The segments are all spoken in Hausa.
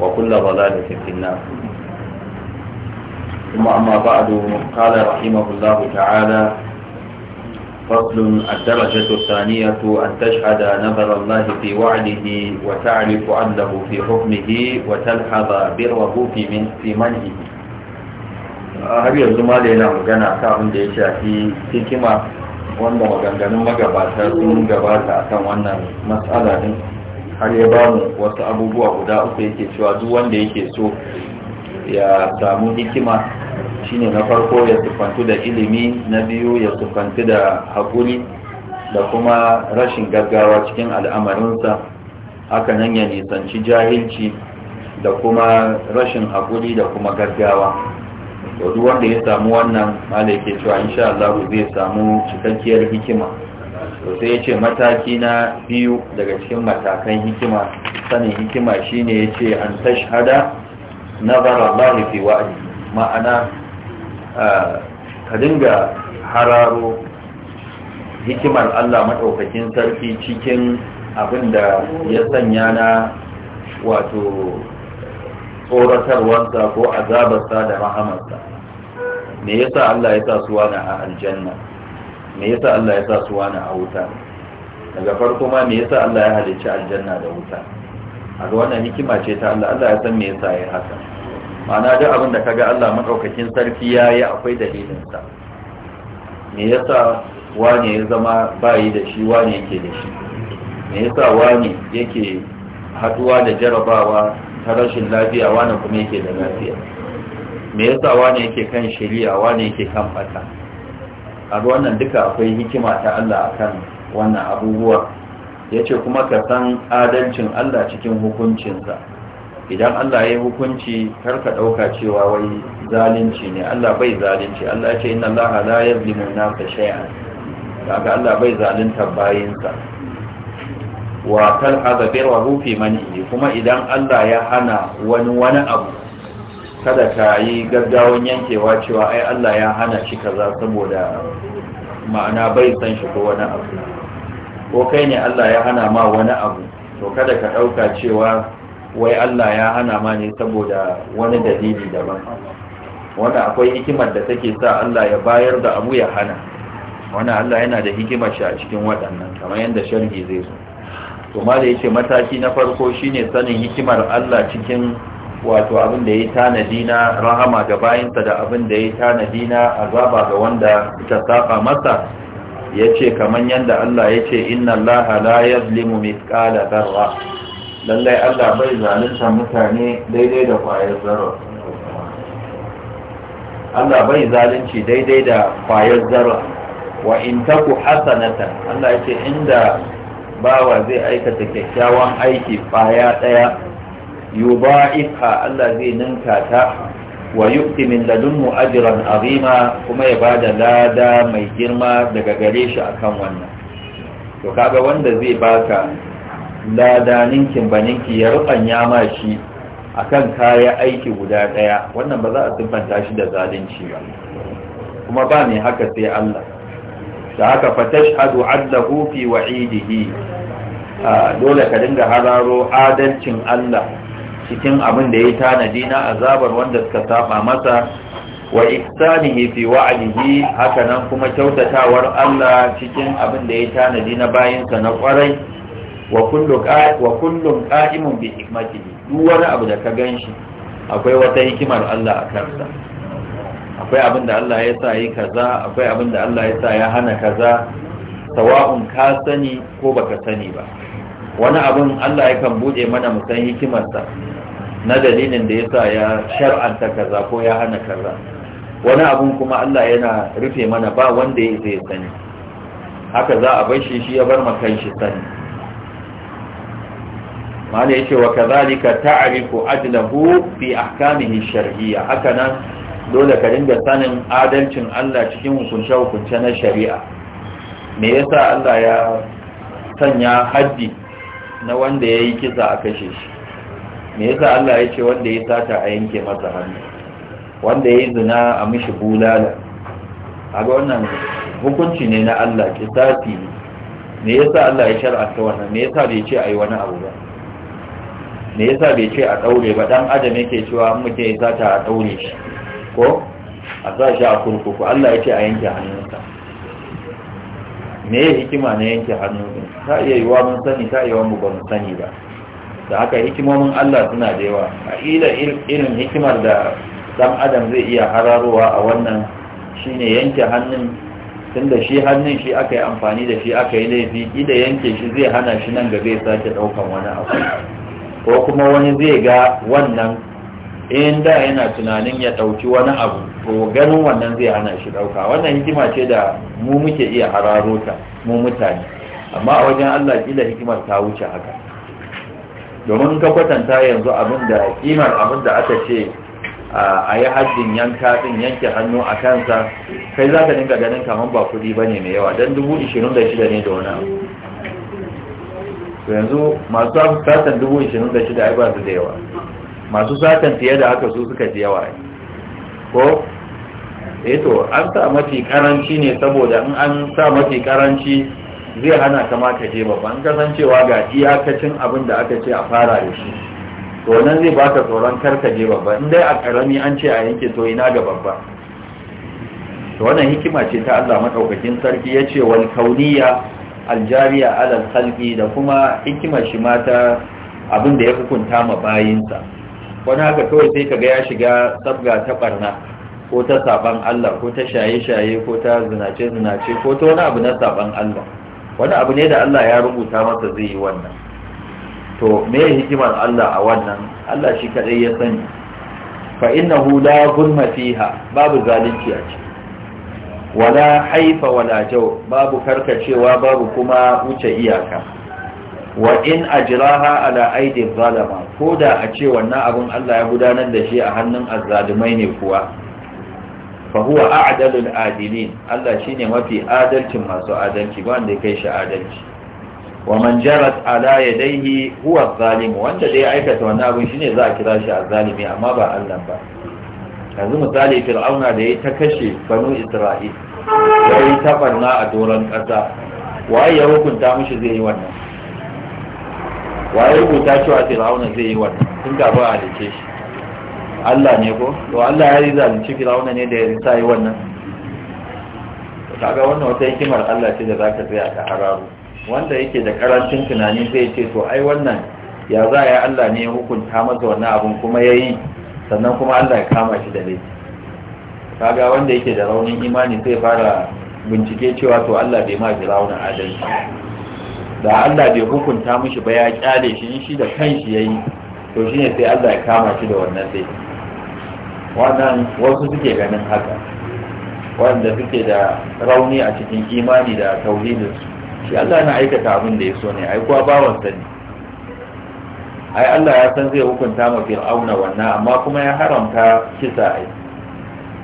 وكل ضلالة في النار ثم أما بعد قال رحمه الله تعالى فصل الدرجة الثانية أن تشهد نظر الله في وعده وتعرف عدله في حكمه وتلحظ بره في من في منعه har yanzu ma da yana magana ta abin da ya shafi hikima wanda maganganun magabata sun gabata akan wannan matsala din har ya ba mu wasu abubuwa guda uku yake cewa duk wanda yake so ya samu hikima shine na farko ya sufantu da ilimi na biyu ya sufantu da haƙuri da kuma rashin gaggawa cikin al'amarinsa haka nan ya nisanci jahilci da kuma rashin haƙuri da kuma gaggawa to duk wanda ya samu wannan malai ke cewa insha Allah zai samu cikakkiyar hikima to sai ya ce mataki na biyu daga cikin matakan hikima sanin hikima shine ya ce an tashhada nazara Allah fi wa'adi ma'ana ka dinga hararo hikimar Allah madaukakin sarki cikin abin da ya sanya na wato tsoratarwarsa ko azabarsa da rahamarsa me yasa Allah ya sa suwa na a aljanna me yasa Allah ya sa su wani a wuta daga farko ma me yasa Allah ya halicci aljanna da wuta a ga wannan hikima ce ta Allah Allah ya san me yasa ya haka ma'ana duk abin da kaga Allah madaukakin sarki ya yi akwai dalilin sa me yasa wani ya zama bayi da shi wani yake da shi me yasa wani yake haduwa da jarabawa ta rashin lafiya wani kuma yake da lafiya me yasa wani yake kan shari'a wani yake kan fata a wannan duka akwai hikima ta Allah akan wannan abubuwa yace kuma ka san adalcin Allah cikin hukuncinsa idan Allah ya yi hukunci kar ka ɗauka cewa wai zalunci ne Allah bai zalunci Allah ce inna Allah la yazlimu nafsa shay'an kaga Allah bai zalunta bayinsa wa kal hu fi man kuma idan Allah ya hana wani wani abu kada ka yi gaggawan yankewa cewa ai Allah ya hana shi kaza saboda ma'ana bai san shi ko wani abu ko kai ne Allah ya hana ma wani abu to kada ka ɗauka cewa wai Allah ya hana ma ne saboda wani dalili daban wanda akwai hikimar da take sa Allah ya bayar da abu ya hana Wani Allah yana da hikimar shi a cikin waɗannan kamar yadda sharhi zai zo. to ma da mataki na farko shine sanin hikimar Allah cikin wato abin da ya tanadi na rahama ga bayinsa da abin da ya tanadi na azaba ga wanda ta safa masa ya ce kamar yadda Allah ya ce inna Allah la yazlimu mithqala dharra lallai Allah bai zalunta mutane daidai da kwayar zarra Allah bai zalunci daidai da kwayar zarra wa in taku hasanatan Allah ya ce inda bawa zai aikata kyakkyawan aiki kwaya daya yudha'ifha Allah zai ninka ta wa yu'ti min ladunhu ajran azima kuma ya bada lada mai girma daga gare shi akan wannan to kaga wanda zai baka lada ninkin baninki ya rubanya ma shi akan kaya aiki guda daya wannan ba za a siffanta shi da zalunci ba kuma ba mai haka sai Allah da haka fatashhadu adlahu fi wa'idihi ah, dole ka dinga hararo adalcin Allah cikin abin da ya tanadi na azabar wanda suka saba masa wa ihsanihi fi wa'dihi haka nan kuma kyautatawar Allah cikin abin da ya tanadi na bayinsa na kwarai wa kullu wa kullu qa'imun bi hikmatihi duk wani abu da ka ganshi akwai wata hikimar Allah a kansa akwai abin da Allah ya sa yi kaza akwai abin da Allah ya sa ya hana kaza sawa'un ka sani ko baka sani ba wani abin Allah yakan bude mana musan hikimarsa na dalilin da ya sa ya shar'anta kaza ko ya hana kaza wani abun kuma Allah yana rufe mana ba wanda ya zai sani haka za a bar shi shi ya bar makan shi sani mala yace wa kadhalika ta'rifu adlahu fi ahkamihi shar'iyya haka nan dole ka dinga sanin adalcin Allah cikin hukunce hukunce na shari'a me yasa Allah ya sanya haddi na wanda yayi kisa a kashe shi me yasa Allah ya ce wanda ya sata a yanke masa hannu wanda ya yi zina a mishi bulala a ga wannan hukunci ne na Allah sati me yasa Allah ya shar'anta wannan me yasa bai ce a yi wani abu ba me yasa bai ce a daure ba dan adam yake cewa mutum ya sata a daure shi ko a sa shi a kurkuku Allah ya ce a yanke hannunsa me ya hikima na yanke hannu ta iya yiwuwa mun sani ta iya mu ba mu sani ba da haka hikimomin Allah suna da yawa a ila irin hikimar da dan adam zai iya hararowa a wannan shine yanke hannun tunda shi hannun shi aka yi amfani da shi aka yi laifi idan yanke shi zai hana shi nan gaba ya sake daukan wani abu ko kuma wani zai ga wannan in da yana tunanin ya dauki wani abu to ganin wannan zai hana shi dauka wannan hikima ce da mu muke iya hararo ta mu mutane amma a wajen Allah kila hikimar ta wuce haka domin ka kwatanta yanzu abin da kimar abin da aka ce a yi hajjin yanka din yanke hannu a kansa kai za ka dinga ganin kamar ba kudi ba ne mai yawa don dubu ishirin da shida ne da wani abu yanzu masu satan dubu ishirin da shida ai ba su da yawa masu satan fiye da haka su suka fi yawa ko eto eh an sa mafi karanci ne saboda in an sa mafi karanci zai hana kama ma ka je babban kasancewa ga iyakacin abin da aka ce a fara da shi to nan zai baka tsoron kar ka je babba in dai a karami an ce a yanke to ina ga babba to wannan hikima ce ta Allah madaukakin sarki ya ce wal kauniya aljariya al khalqi da kuma hikima shi mata abin da ya hukunta ma bayinsa wani haka kawai sai kaga ya shiga sabga ta barna ko ta saban Allah ko ta shaye-shaye ko ta zinace-zinace ko ta wani abu na saban Allah wani abu ne da Allah ya rubuta masa zai yi wannan to me hikimar Allah a wannan Allah shi kadai ya sani fa innahu la zulma fiha babu zalunci a ciki wala haifa wala jaw babu karkacewa babu kuma wuce iyaka wa in ajraha ala aidi zalama ko da a ce wannan abun Allah ya gudanar da shi a hannun azzalumai ne kuwa fahuwa a'dalul adilin Allah shine mafi adalcin masu adalci ba wanda kai shi adalci wa man jarat ala yadayhi huwa zalim wanda dai aikata wani abin shine za a kira shi a zalimi amma ba Allah ba yanzu misali fir'auna da ya ta kashe banu isra'il yayi yi barna a doron kasa waye ya hukunta mishi zai yi wannan waye rubuta cewa fir'auna zai yi wannan tun da ba a dace shi Allah ne ko to Allah ya yi zalunci firawuna ne da ya sa yi wannan kaga wannan wata hikimar Allah ce da zaka tsaya ta hararu wanda yake da karancin tunani zai ce to ai wannan ya za ya Allah ne ya hukunta masa wannan abun kuma yayi sannan kuma Allah ya kama shi da laifi kaga wanda yake da raunin imani sai fara bincike cewa to Allah bai ma firawuna adalci da Allah bai hukunta mishi ba ya kyale shi shi da kanshi yayi to shine sai Allah ya kama shi da wannan laifi wannan wasu suke ganin haka wanda suke da rauni a cikin imani da tauhidin shi Allah na aikata abin da ya so ne ai kuwa bawan ne ai Allah ya san zai hukunta ma fir'auna wannan amma kuma ya haramta kisa ai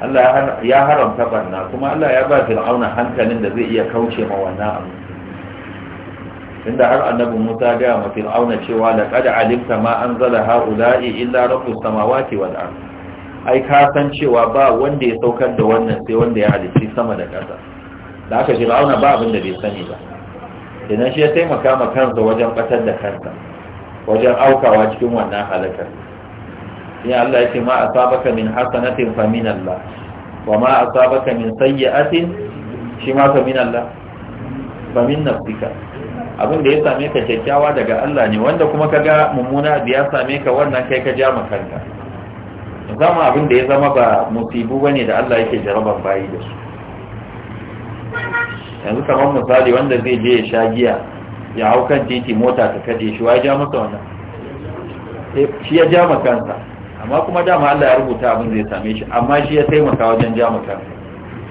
Allah ya haramta barna kuma Allah ya ba fir'auna hankalin da zai iya kauce ma wannan abu inda har annabi Musa ga ma fir'auna cewa laqad alimta ma anzala ha'ula'i illa rabbus samawati wal ardh ai ka san cewa ba wanda ya saukar da wannan sai wanda ya halicci sama da ƙasa da aka shiga auna ba abin da bai sani ba idan shi ya taimaka ma kansa wajen ɓatar da kansa wajen aukawa cikin wannan halakar in Allah ya ce ma asabaka min hasanatin fa min Allah wa ma sabaka min sayyi'atin shi ma fa min Allah fa min nafsika abin da ya same ka kyakkyawa daga Allah ne wanda kuma ka ga mummuna biya same ka wannan kai ka ja ma kanka zama abin da ya zama ba musibu bane da Allah yake jaraban bayi da su yanzu kamar misali wanda zai je ya sha giya ya hau kan titi mota ta kaje shi wai ja masa wannan eh, shi ya ja kansa amma kuma dama Allah ya rubuta abin zai same shi amma shi ya taimaka wajen ja kansa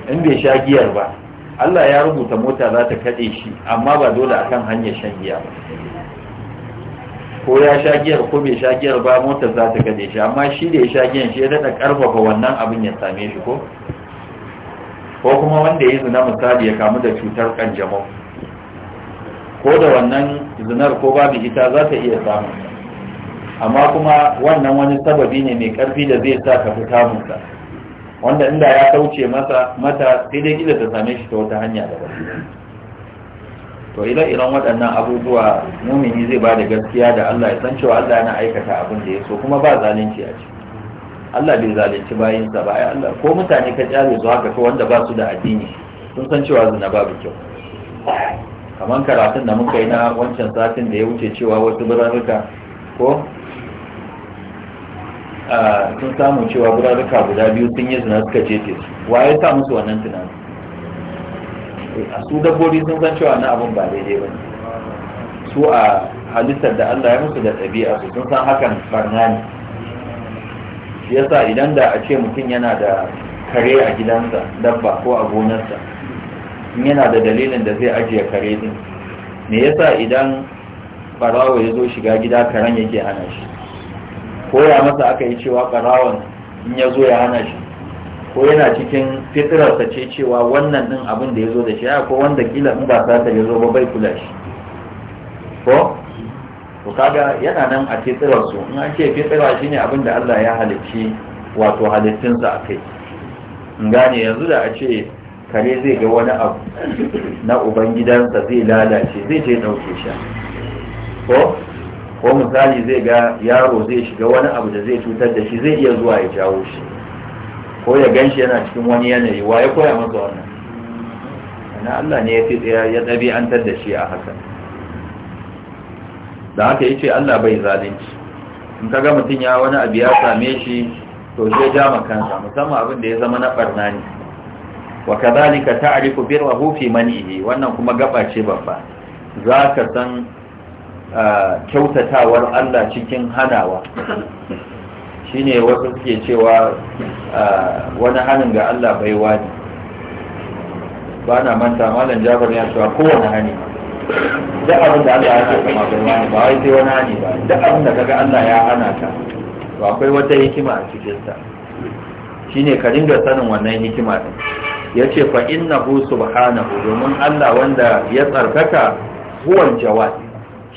in bai sha giyar ba Allah ya rubuta mota za ta kaɗe shi amma ba dole akan hanyar shan giya ba ko ya sha giyar ko bai sha giyar ba motar za ta gade shi amma shi da ya sha giyar shi ya daɗa ƙarfafa wannan abin ya same shi ko ko kuma wanda ya zina misali ya kamu da cutar ƙanjamau? ko da wannan zinar ko babu ita za ta iya samu amma kuma wannan wani sababi ne mai ƙarfi da zai sa ka fi kamunsa wanda inda ya kauce masa mata sai dai gida ta same shi ta wata hanya da daban to ire-iren waɗannan abubuwa mumini zai ba da gaskiya da Allah ya san cewa Allah yana aikata abin da ya so kuma ba zalunci a ciki Allah bai zalunci bayinsa ba ai Allah ko mutane ka kyale zuwa ga wanda ba su da addini sun san cewa zina babu kyau kamar karatun da muka yi na wancan satin da ya wuce cewa wasu birarruka ko ah, sun samu cewa birarruka guda biyu sun yi zina suka jefe su waye sa musu wannan tunanin a su dabbobi sun san cewa na abin ba daidai ba su a halittar da Allah ya musu da ɗabi'a su sun san hakan barna ne shi yasa idan da a ce mutum yana da kare a gidansa dabba ko a gonarsa in yana da dalilin da zai ajiye kare din me yasa idan barawo ya zo shiga gida karen yake hana shi ko ya masa aka yi cewa barawon in ya zo ya hana shi ko yana cikin fitirarsa ce cewa wannan din abin da ya zo da shi ko wanda kila in ba sata ya zo ba bai kula shi ko to kaga yana nan a fitirarsu in an ce fitira shine abin da Allah ya halicci wato halittunsa a kai in gane yanzu da a ce kare zai ga wani abu na ubangidansa zai lalace zai je ɗauke shi ko ko misali zai ga yaro zai shiga wani abu da zai cutar da shi zai iya zuwa ya jawo shi ko ya gan shi yana cikin wani yanayi wa ya koya masa wannan na Allah ne ya fi ya tar da shi a haka da haka yace Allah bai zalunci in ga mutum ya wani abu ya same shi to zai ja makansa musamman abin da ya zama na barna ne wa kadhalika ta'rifu rahu fi manihi wannan kuma gaba ce babba zaka san ah, kyautatawar Allah cikin hanawa shine wasu suke cewa ah, wani hannun ga Allah bai wani. ba na manta malam jabar ya cewa kowane hani duk abin da Allah ya ce kuma bai wani ba wai sai wani hannu ba duk abin da kaga Allah ya hana ka to akwai wata hikima a cikin sa shine ka dinga sanin wannan hikima din yace fa innahu subhanahu domin Allah wanda ya tsarkaka huwan jawad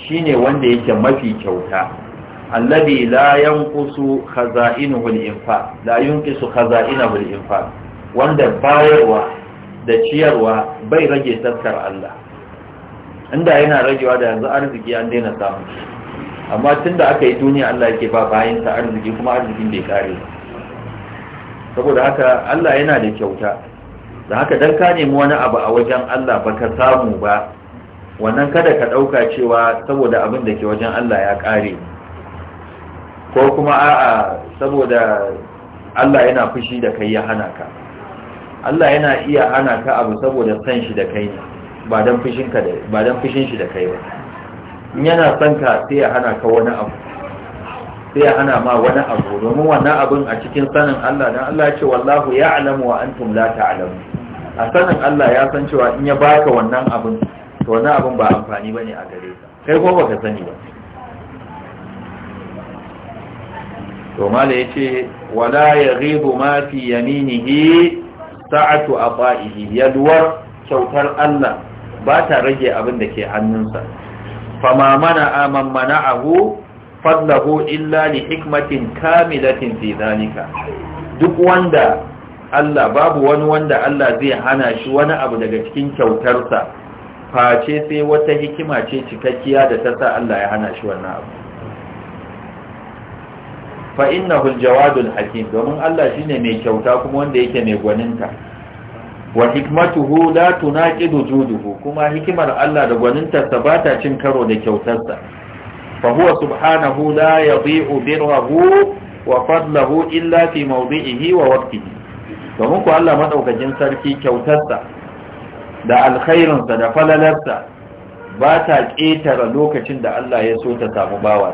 shine wanda yake mafi kyauta alladhi la yanqusu khaza'inuhu al-infaq la yanqusu al wanda bayarwa da ciyarwa bai rage taskar Allah inda yana ragewa da yanzu arziki an daina samu amma tunda aka yi duniya Allah yake ba bayan sa arziki kuma arzikin bai kare saboda haka Allah yana da kyauta da haka dan ka nemi wani abu a wajen Allah ba ka samu ba wannan kada ka ɗauka cewa saboda abin da ke wajen Allah ya kare ko kuma a'a saboda Allah yana fushi da kai ya hana ka Allah yana iya hana ka abu saboda san shi da kai ne ba dan fushin ka da ba dan fushin shi da kai ba in yana san ka sai ya hana ka wani abu sai ya hana ma wani abu domin wannan abun a cikin sanin Allah dan Allah ya ce wallahu ya'lamu wa antum la ta'lamu a sanin Allah ya san cewa in ya baka wannan abun to wannan abun ba amfani bane a gare ka kai ko baka sani ba to mala ce, wala yaghibu ma fi yaminihi sa'atu afa'ihi yalwar kyautar Allah ba ta rage abin da ke hannunsa fama mana aman mana'ahu fadlahu illa li hikmatin kamilatin fi zalika duk wanda Allah babu wani wanda Allah zai hana shi wani abu daga cikin kyautarsa face sai wata hikima ce cikakkiya da ta sa Allah ya hana shi wannan abu fa innahu aljawadul hakim domin Allah shine mai kyauta kuma wanda yake mai gwaninta wa hikmatuhu la tunaqidu juduhu kuma hikimar Allah da gwaninta ta bata cin karo da kyautarsa fa huwa subhanahu la yadhi'u birrahu wa fadlahu illa fi mawdi'ihi wa waqtihi domin ku Allah madaukakin sarki kyautarsa da alkhairinsa da falalarsa ba ta ƙetare lokacin da Allah ya so ta samu bawa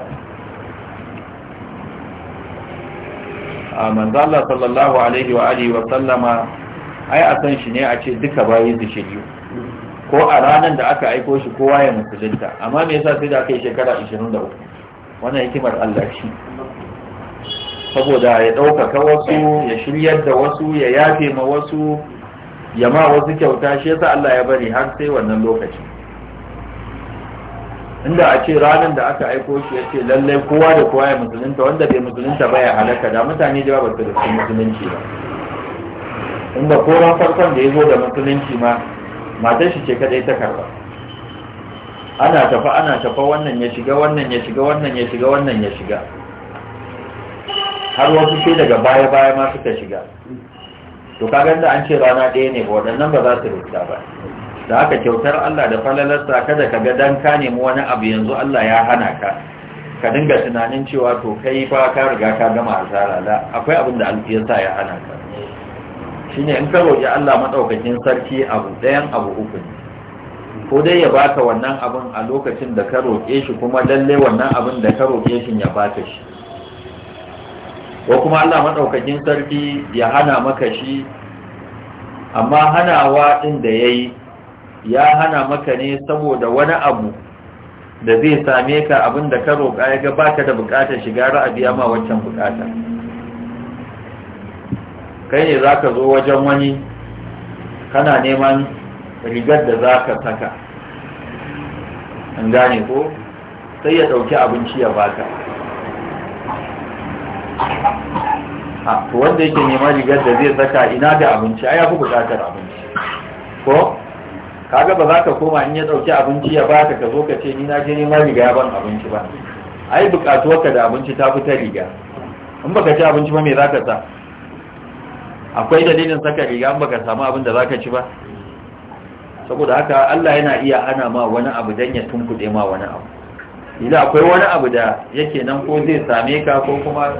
manzo Allah sallallahu alaihi wa alihi wa sallama ai a san shi ne a ce duka bayi da shiryu ko a ranar da aka aiko shi kowa ya musulunta amma me yasa sai da aka yi shekara 23 wannan hikimar Allah shi saboda ya ɗaukaka wasu ya shiryar da wasu ya yafe ma wasu ya ma wasu kyauta shi yasa Allah ya bari har sai wannan lokaci inda a ce ranar da aka aiko shi ya ce lallai kowa da kowa ya musulunta wanda bai musulunta ba ya halaka da mutane da ba su da musulunci ba inda koran farkon da ya zo da musulunci ma matar shi ce kadai ta karba ana tafa ana tafa wannan ya shiga wannan ya shiga wannan ya shiga wannan ya shiga har wasu sai daga baya baya ma suka shiga to kaga da an ce rana ɗaya ne ba waɗannan ba za su rubuta ba da aka kyautar Allah da falalarsa kada ka ga dan ka nemi wani abu yanzu Allah ya hana ka ka dinga tunanin cewa to kai fa ka riga ka gama asara da akwai abin da sa ya hana ka shine in ka roki Allah madaukakin sarki abu ɗayan abu uku ko dai ya baka wannan abin a lokacin da ka roƙe shi kuma lalle wannan abin da ka roƙe shi ya baka shi ko kuma Allah madaukakin sarki ya hana maka shi amma hanawa din da yayi ya hana maka ne saboda wani abu da zai same ka abin da ka roƙa ya ga baka da buƙatar shiga ra'abi ma waccan buƙata kai ne za ka zo wajen wani kana neman rigar da za ka saka an gane ko sai ya ɗauki abinci ya baka a wanda yake neman rigar da zai saka ina da abinci a ya fi buƙatar abinci ko kaga ba za ka koma in ya ɗauki abinci ya baka ka zo ka ce ni na je neman riga ya ban abinci ba ai ka da abinci ta fi ta riga in baka ci abinci ba me za ka sa akwai dalilin saka riga in baka samu abin da za ka ci ba saboda haka Allah yana iya hana ma wani abu dan ya tunkuɗe ma wani abu ila akwai wani abu da yake nan ko zai same ka ko kuma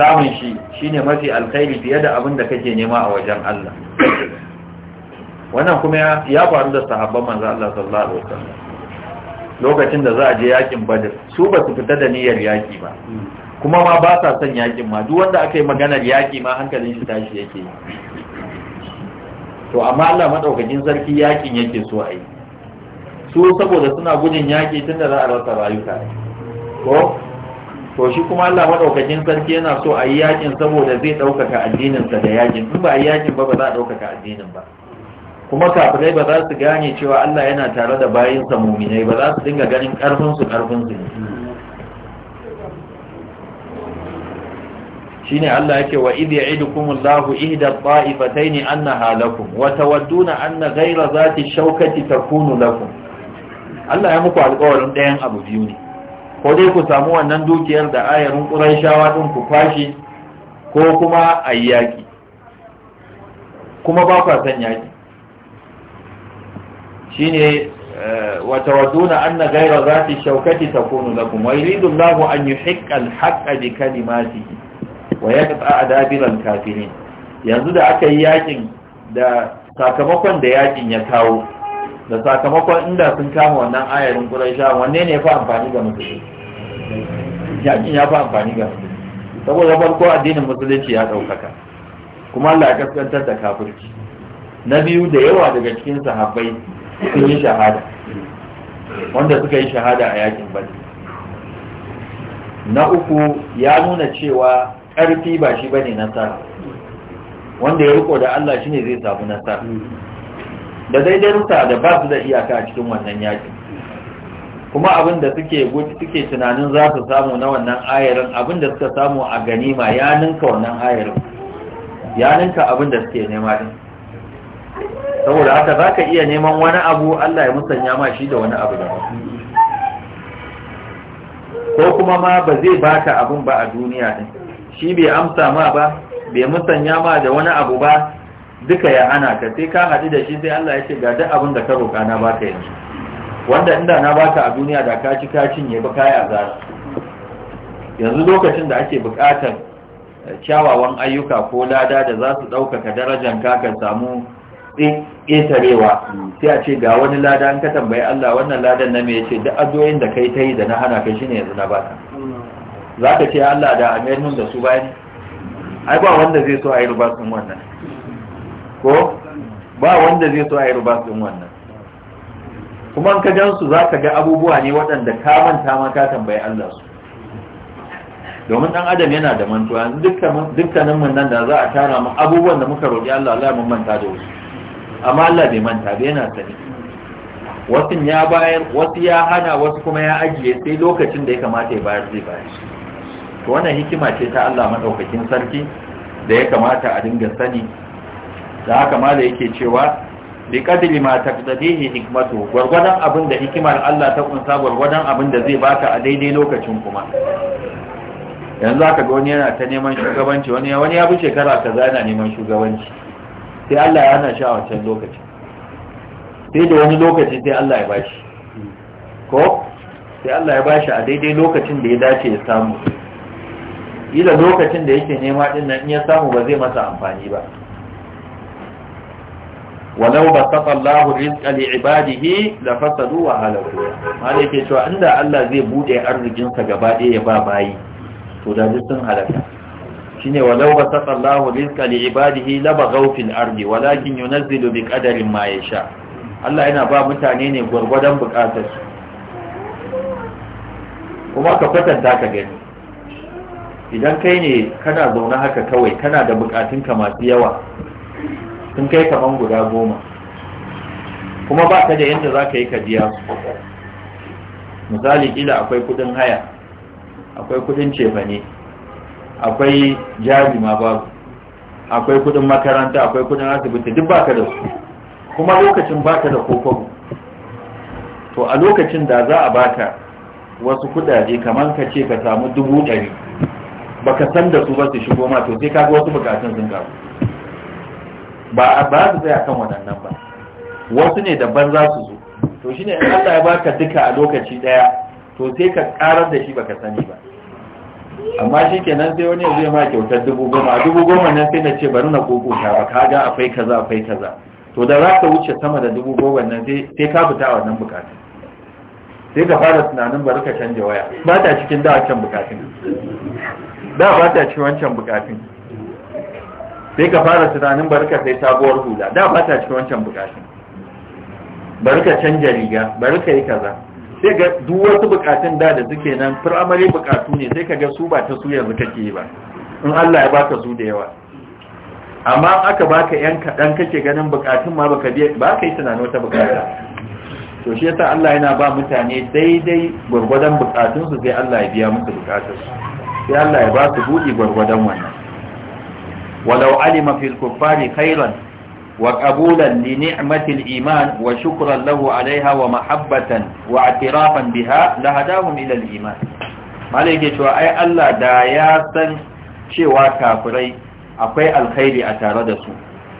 samun shi shine mafi alkhairi fiye da abin da kake nema a wajen Allah wannan kuma ya faru da sahabban manzo Allah sallallahu alaihi wasallam lokacin da za a je yakin badr su ba su fita da niyyar yaki ba kuma ma ba sa son yakin ma duk wanda aka yi maganar yaki ma hankalin shi tashi yake to amma Allah madaukakin sarki yakin yake so a yi su saboda suna gudun yaki tunda za a rasa rayuka ko to shi kuma Allah madaukakin sarki yana so a yi yakin saboda zai ɗaukaka addininsa da yakin in ba a yi yakin ba ba za a ɗaukaka addinin ba kuma kafirai ba za su gane cewa Allah yana tare da bayinsa muminai ba za su dinga ganin ƙarfinsu ƙarfinsu ne shine Allah yake wa idh ya'idukumullahu ihda ta'ifatayn annaha lakum wa tawadduna anna ghayra zati ta takunu lakum Allah ya muku alƙawarin ɗayan abu biyu ne ko dai ku samu wannan dukiyar da ayarin Qurayshawa din ku fashi ko kuma ayyaki kuma ba ku san yaki shine eh, wa tawadduna anna ghayra zati shawkati takunu lakum wa yuridu Allahu an yuhiqqa al-haqqa bi kalimatihi wa yaqta'a a al-kafirin yanzu da aka yi yakin da sakamakon da yakin ya kawo da sakamakon inda sun kama wannan ayarin quraisha wanne ne fa amfani ga musulmi yakin ya fa amfani ga musulmi saboda farko addinin musulunci ya daukaka kuma Allah ya kaskantar da kafirci na biyu da yawa daga cikin sahabbai sun yi shahada wanda suka yi shahada a yakin bane na uku ya nuna cewa ƙarfi ba shi bane nasara wanda ya riko da Allah shine zai samu nasara da daidai ruta da ba su da iyaka a cikin wannan yakin kuma abin da suke suke tunanin za su samu na wannan ayarin abin da suka samu a ganima ya ninka wannan ayarin ya ninka abin da suke nema din saboda haka za ka iya neman wani abu Allah ya musanya ma shi da wani abu da ko kuma ma ba zai baka abun ba a duniya din shi bai amsa ma ba bai musanya ma da wani abu ba duka ya ana ka sai ka haɗu da shi sai Allah ya ce ga duk abin da ka roƙa na baka yanzu wanda inda na baka a duniya da ka ci ka cinye ba kai azara yanzu lokacin da ake buƙatar eh, kyawawan ayyuka ko lada da za su ɗaukaka darajar ka ka samu ƙetarewa sai a ce ga wani lada an ka tambayi Allah wannan ladan na me ce duk addu'o'in da kai ta yi da na hana kai shine yanzu na baka za ka ce Allah da a nun da su bayan ai ba wanda zai so a yi rubas ɗin wannan ko ba wanda zai so a yi rubas ɗin wannan kuma an ka gan su za ka ga abubuwa ne waɗanda ka manta ma ka tambayi Allah su domin ɗan adam yana da mantuwa dukkanin mun nan da za a tara mu abubuwan da muka roƙi Allah Allah mun manta da wasu amma Allah bai manta ba yana sani wasu ya bayar wasu ya hana wasu kuma ya ajiye sai lokacin da ya kamata ya bayar zai bayar to wannan hikima ce ta Allah madaukakin sarki da ya kamata a dinga sani da haka ma da yake cewa bi kadri ma taqdadihi hikmatu gwargwadon abin da hikimar Allah ta kunsa gwargwadon abin da zai baka a daidai lokacin kuma yanzu aka ga wani yana ta neman shugabanci wani ya wani ya bi shekara kaza yana neman shugabanci sai Allah ya hana shi a wancan sai da wani lokaci sai Allah ya bashi ko sai Allah ya bashi a daidai lokacin da ya dace ya samu ila lokacin da yake nema din nan in ya samu ba zai masa amfani ba walau basata Allahu rizqa li ibadihi la fasadu wa halaku mala yake cewa inda Allah zai bude arzikin sa gaba ɗaya ya ba bayi to da sun halaka shine walau basata Allahu rizqa li ibadihi baghaw fil ardi walakin bi qadari ma yasha Allah yana ba mutane ne gurgurdan bukatar su kuma ka kwatanta ka gani idan kai ne kana zaune haka kawai kana da ka masu yawa sun kai kaman guda goma kuma ba ka da yadda za ka yi ka biya misali kila akwai kudin haya akwai kudin cefane akwai jari ma babu akwai kudin makaranta akwai kudin asibiti duk baka da su kuma lokacin baka da kokobo to a lokacin da za a baka wasu kudaje kamar ka ce ka samu dubu ɗari baka san da su ba su shigo ma to sai kaga wasu bukatun sun gabu ba a ba su tsaya kan waɗannan ba wasu ne daban za su zo to shine in Allah ya baka duka a lokaci daya to sai ka karar da shi baka sani ba amma shi kenan sai wani zai ma kyautar dubu goma a dubu goma nan sai na ce bari na ta ba ka ga akwai kaza akwai kaza to da za ka wuce sama da dubu goma nan sai ka fita wannan bukatu sai ka fara tunanin bari ka canja waya ba ta cikin da wancan bukatun da ba ta cikin wancan bukatun sai ka fara tunanin bari ka sai sabuwar hula da ba ta cikin wancan bukatun bari ka canja riga bari ka yi kaza sai ga duk wasu bukatun da da suke nan firamare bukatu ne sai ka ga su ba ta su yanzu yi ba in Allah ya baka su da yawa amma aka baka yan kadan kake ganin bukatun ma baka biya ba kai yi tunanin wata bukata to shi yasa Allah yana ba mutane daidai gwargwadon bukatun su sai Allah ya biya musu bukatun su sai Allah ya ba su buɗi wannan walau alima fil kuffari khairan وقبولا لنعمة الإيمان وشكرا له عليها ومحبة واعترافا بها لهداهم إلى الإيمان مالك يتوى أي ألا داياسا شوى كافري أقوي الخير أتاردسو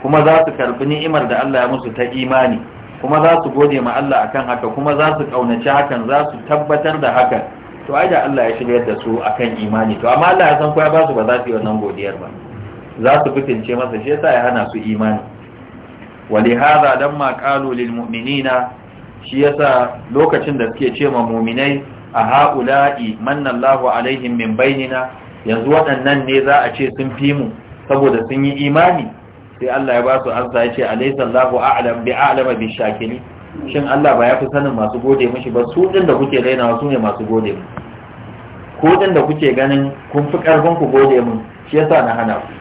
كما ذات كربني إمر دا ألا يمس تإيماني كما ذات قودي ما ألا أكن هكا كما ذات كونتش هكا ذات تبتر دا هكا to ai da Allah ya shiryar da su akan imani to amma Allah ya san ko ya ba su ba za su yi wannan godiyar ba za su fitince masa shi yasa ya hana su imani ولهذا لما قالوا shi yasa lokacin da suke cewa mu'minai a haula'i manna Allahu alaihim min bainina yanzu waɗannan ne za a ce sun fi mu saboda sun yi imani sai Allah ya ba su ansa ya ce alaysa Allahu a'lam bi a'lama bi shakili shin Allah ba ya fi sanin masu gode mishi ba su din da kuke rainawa su ne masu gode mu ko din da kuke ganin kun fi karfin ku gode mu shi yasa na hana ku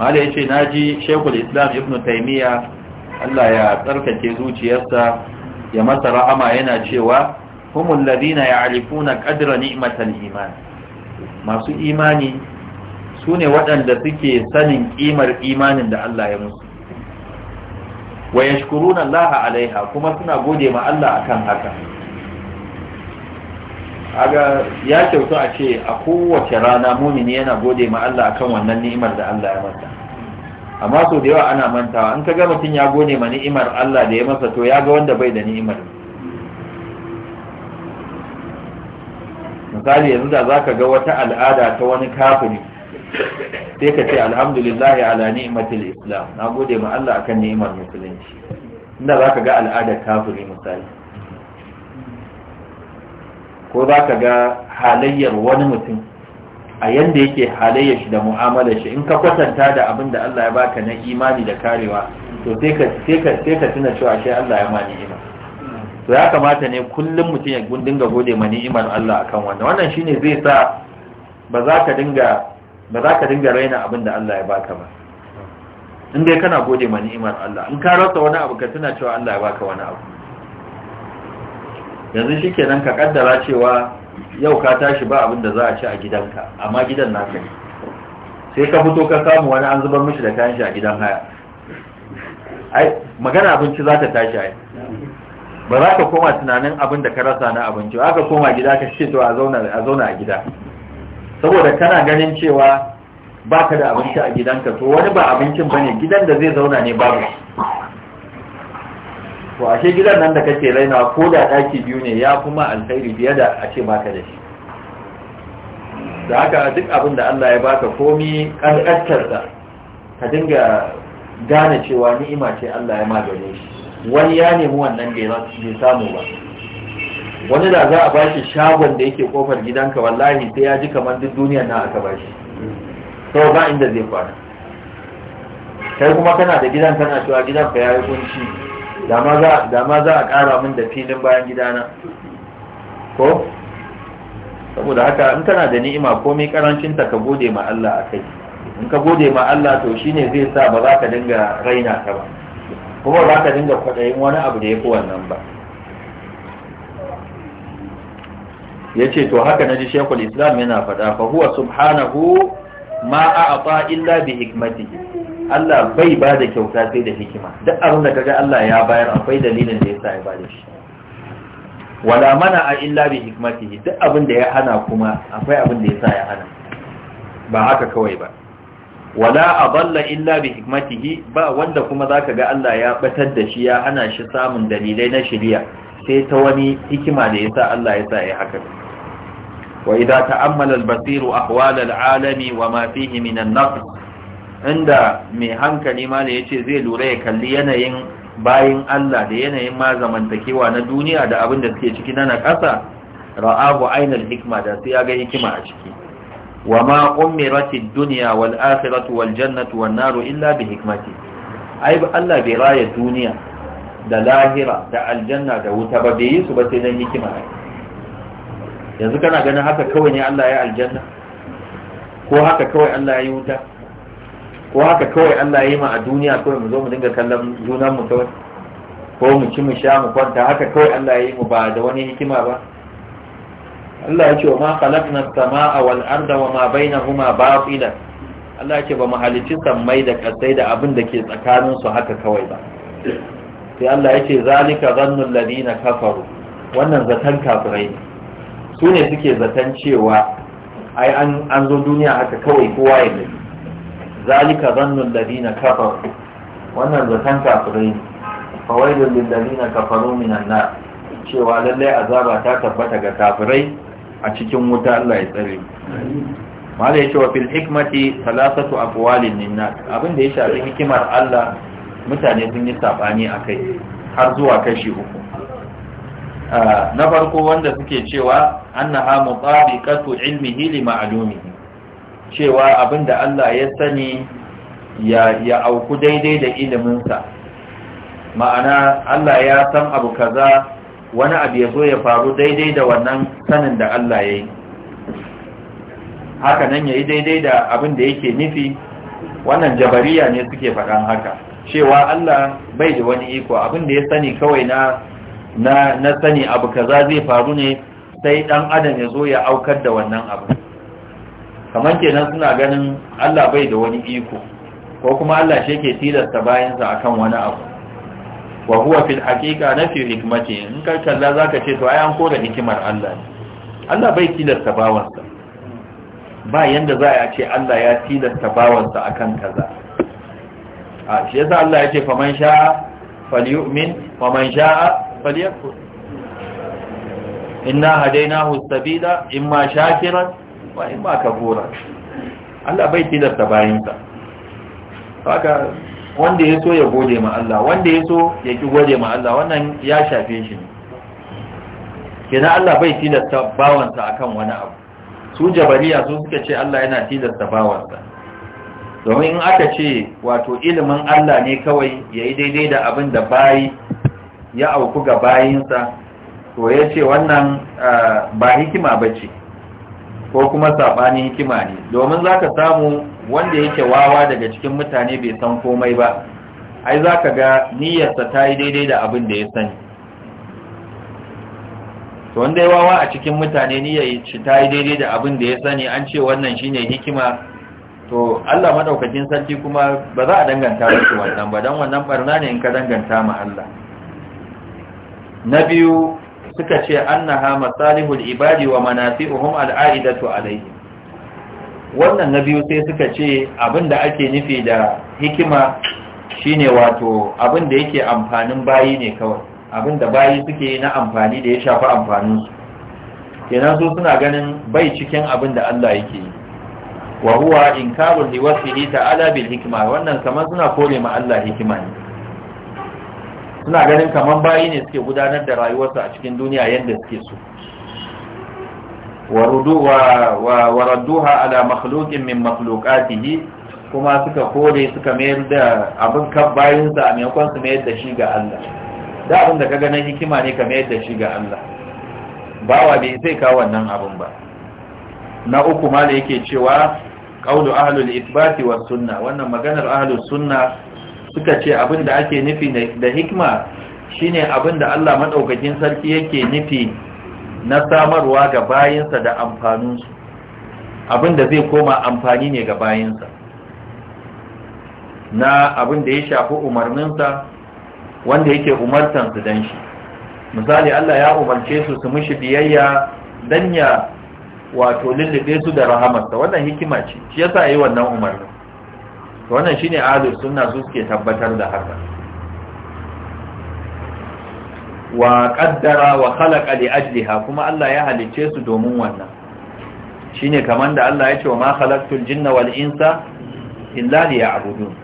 mala yace ji shekul islam ibnu taymiya Allah ya tsarkake zuciyarsa ya masa rahama yana cewa humul ladina na qadra ni'matal iman masu imani sune waɗanda suke sanin ƙimar imanin da Allah ya musu wa yashkuruna alaiha kuma suna gode ma Allah akan haka aga ya kyautu a ce a kowace rana mumini yana gode ma Allah akan wannan ni'imar da Allah ya masa amma so da yawa ana mantawa in ka ga mutum ya gode ma ni'imar Allah da ya masa to ya ga wanda bai da ni'imar misali yanzu da zaka ga wata al'ada ta wani kafiri sai ka ce alhamdulillah ala ni'matil islam na gode ma Allah akan ni'imar musulunci inda zaka ga al'adar kafiri misali ko za ka ga halayyar wani mutum a yanda yake halayyar shi da mu'amalar shi in ka kwatanta da abin da Allah ya baka na imani da karewa to sai ka tuna cewa shi Allah ya ma ni'ima to ya kamata ne kullum mutum ya dinga gode ma ni'imar Allah a kan wannan wannan ne zai sa ba za ka dinga raina abin da Allah ya baka ba in dai kana gode ma ni'imar Allah in ka rasa wani abu ka tuna cewa Allah ya baka wani abu yanzu shi kenan ka kaddara cewa yau ka tashi ba abin da za a ci a gidanka amma gidan na kai sai ka fito ka samu wani an zubar mishi da kayan shi a gidan haya ai magana abinci za ta tashi ai ba za ka koma tunanin abin da ka rasa na abinci ba ka koma gida ka ce to a zauna a gida saboda kana ganin cewa ba ka da abinci a gidanka to wani ba abincin ba ne gidan da zai zauna ne babu to ashe gidan nan da kake raina ko da daki biyu ne ya kuma alkhairi biya da a ce baka da shi da haka duk abin da Allah ya baka komi kankantar da ka dinga gane cewa ni'ima ce Allah ya magane shi wani ya nemi wannan da bai samu ba wani da za a ba shi shagon da yake kofar gidanka wallahi sai ya ji kamar duk duniyar na aka shi sau ba inda zai fara kai kuma kana da gidan kana cewa gidan ka yayi kunci dama za a kara min da filin bayan gidana ko saboda haka in kana da ni'ima komai karancinta ka gode ma Allah a kai in ka gode ma Allah to shine zai sa ba za ka dinga raina ta ba kuma ba ka dinga kwaɗayin wani abu da ya fi wannan ba ya ce to haka na ji shekul islam yana faɗa fa huwa subhanahu ma a illa bi hikmatihi Allah bai ba da kyauta sai da hikima duk abin da kaga Allah ya bayar akwai dalilin da yasa ya bada shi wala mana a illa bi hikmatihi duk abin da ya hana kuma akwai abin da yasa ya hana ba haka kawai ba wala aballa illa bi hikmatihi ba wanda kuma zaka ga Allah ya batar da shi ya hana shi samun dalilai na shari'a sai ta wani hikima da yasa Allah ya sa ya haka wa idza ta'ammala al-basir ahwal al-alami wa ma fihi min an inda mai hankali ma ya ce zai lura ya kalli yanayin bayin Allah da yanayin ma zamantakewa na duniya da abin da suke ciki na nakasa ra'ahu ainal hikima da su ya ga hikima a ciki wama umiratid dunya wal akhiratu wal jannatu wan naru illa bi hikmati ai ba Allah bai raya duniya da lahira da aljanna da wuta ba bai yi su ba sai dan hikima yanzu kana ganin haka kawai ne Allah ya aljanna ko haka kawai Allah ya yi wuta ko haka kawai Allah ya yi ma a duniya kawai mu zo mu dinga kallon junan mu kawai ko mu ci mu sha mu kwanta haka kawai Allah ya yi mu ba da wani hikima ba Allah ya ce wa ma khalaqna as samaaa wal arda wa ma bainahuma baatila Allah ya ce ba mu halicci sammai da kasai da abin da ke tsakanin su haka kawai ba sai Allah ya ce zalika dhannu ladina kafaru wannan zaton kafirai ne su ne suke zaton cewa ai an zo duniya haka kawai kowa ya gani zalika zannun ladina kafaru wannan zaton kafirai ne fawailun ladina kafaru minan nar cewa lallai azaba ta tabbata ga kafirai a cikin wuta Allah ya tsare malai cewa fil hikmati salasatu aqwalin linnas abin da ya shafi hikimar Allah mutane sun yi sabani akai har zuwa kashi uku ah, na farko wanda suke cewa annaha mutabiqatu ilmihi li ma'lumihi cewa abinda Allah ya sani ya auku daidai da iliminsa ma'ana Allah ya san abu kaza wani abu ya zo ya faru daidai da wannan sanin da Allah ya yi haka nan ya yi daidai da abinda da yake nufi wannan jabariya ne suke faɗan haka cewa Allah bai da wani iko abin da ya sani kawai na na sani abu kaza zai faru ne sai ɗan adam ya zo ya aukar da wannan abu kamar kenan suna ganin Allah bai da wani iko ko kuma Allah shi yake tilasta bayansa akan wani abu wa huwa fil haqiqa nafi hikmati in ka kalla zaka ce to ai an kora hikimar Allah ne. Allah bai tilasta bawansa ba yanda za a ce Allah ya tilasta bawansa akan kaza a shi yasa Allah yake faman sha'a falyu'min faman sha'a falyakfur inna hadaynahu as-sabila imma shakiran bayan in ba ka gora Allah bai tilasta bayansa haka wanda ya so ya gode ma Allah wanda ya so ya ki gode ma Allah wannan ya shafe shi ne Allah bai tilasta bawansa akan wani abu su jabariya su suka ce Allah yana tilasta bawansa domin in aka ce wato ilimin Allah ne kawai yayi daidai da abin da bayi ya auku ga bayinsa to ya ce wannan ah, ba hikima ba ko kuma saɓanin hikima ne domin za ka samu wanda yake wawa daga cikin mutane bai san komai ba ai za ka ga niyyarsa ta yi daidai da abin da ya sani to wanda ya wawa a cikin mutane niyyar shi ta yi daidai da abin da ya sani an ce wannan shine hikima to Allah madaukakin sarki kuma ba za a danganta da shi wannan ba dan wannan barna ne in ka danganta ma Allah na biyu suka ce annaha masalihul ibadi wa manafi'uhum al'aidatu alayhi wannan na biyu sai suka ce abinda ake nufi da hikima shine wato abinda yake amfanin bayi ne kawai abinda bayi suke na amfani da ya shafi amfanin su kenan su suna ganin bai cikin abinda Allah yake yi wa huwa inkarul liwasihi ta'ala bil hikma wannan kamar suna kore ma Allah hikima ne suna ganin kamar bayi ne suke gudanar da rayuwarsu a cikin duniya yadda suke so wa radduha ala makhluqin min makhluqatihi kuma suka kore suka mayar da abin kan bayinsa a maimakon su mayar da shi ga Allah da abin da ga na hikima ne ka mayar da shi ga Allah bawa bai sai ka wannan abin ba na uku ma da yake cewa qaulu ahlul ithbati was sunna wannan maganar ahlus sunna suka ce abin da ake nufi da hikma shine abin da Allah maɗaukakin sarki yake nufi na samarwa ga bayansa da amfaninsu abin da zai koma amfani ne ga bayansa na abin da ya shafi umarninsa wanda yake umartansu don shi misali Allah ya umarce su su mishi biyayya don ya wato lullube su da rahamarsa wannan hikima ce shi yasa yi wannan umarnin wannan shine ahlus sunna su suke tabbatar da haka wa qaddara wa khalaqa li ajliha kuma Allah ya halicce su domin wannan shine kaman da Allah ya ce wa ma khalaqtul jinna wal insa illa liya'budun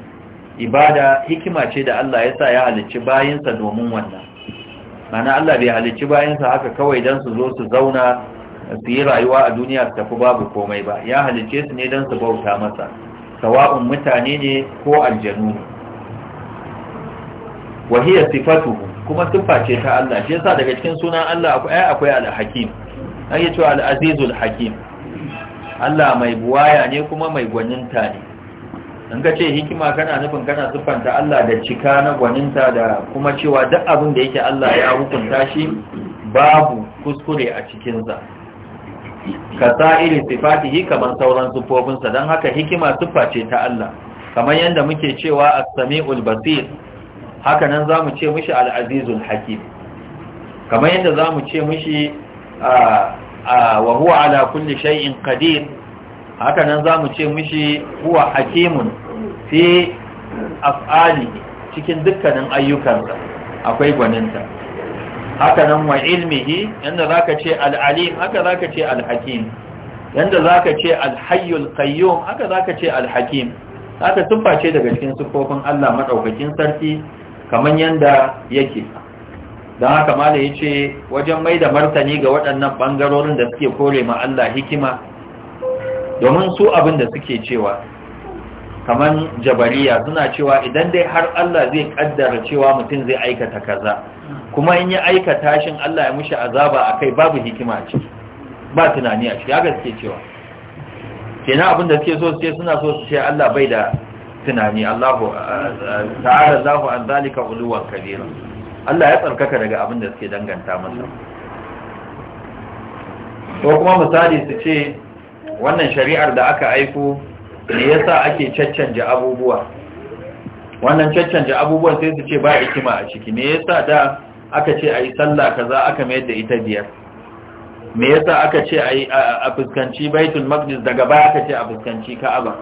ibada hikima ce da Allah ya sa ya halicci bayinsa domin wannan mana Allah bai halicci bayinsa haka kawai dan su zo su zauna su yi rayuwa a duniya su tafi babu komai ba ya halicce su ne dan su bauta masa sawa'un mutane ne ko aljanu wa hiya sifatuhu kuma siffa ce ta Allah shi yasa daga cikin sunan Allah akwai akwai al-hakim yi cewa al-azizul hakim Allah mai buwaya ne kuma mai gwaninta ne in ka ce hikima kana nufin kana siffanta Allah da cika na gwaninta da kuma cewa duk abin da yake Allah ya hukunta shi babu kuskure a cikinsa ka sa'iri sifatihi kamar sauran sufofinsa don haka hikima sufa ce ta Allah kamar yadda muke cewa a sami basir haka nan za mu ce mushi al'azizul hakim kamar yadda za mu ce mushi wa huwa ala kulli shay'in qadir haka nan za mu ce mushi huwa hakimun fi af'ali cikin dukkanin ayyukansa akwai gwaninta haka nan wa ilmihi yanda zaka ce al-alim haka zaka ce al-hakim yanda zaka ce al-hayyul qayyum haka zaka ce al-hakim haka siffa ce daga cikin sifofin Allah madaukakin sarki kaman yanda yake don haka mala yace wajen mai da martani ga waɗannan bangarorin da suke kore ma Allah hikima domin su abin da suke cewa kaman jabariya suna cewa idan dai har Allah zai kaddara cewa mutum zai aikata kaza kuma in ya aikata shin Allah ya mushi azaba akai babu hikima a ciki ba tunani a ciki haka suke cewa kenan abin da suke so su ce suna so su ce Allah bai da tunani Allahu ta'ala Allahu an zalika uluwan kabira Allah ya tsarkaka daga abin da suke danganta masa ko kuma misali su ce wannan shari'ar da aka aiko me yasa ake caccanja abubuwa wannan caccanja abubuwa sai su ce ba hikima a ciki me yasa da aka ce ayi sallah kaza aka mayar da ita biyar me yasa aka ce ayi a fuskanci baitul maqdis daga baya aka ce a fuskanci ka'aba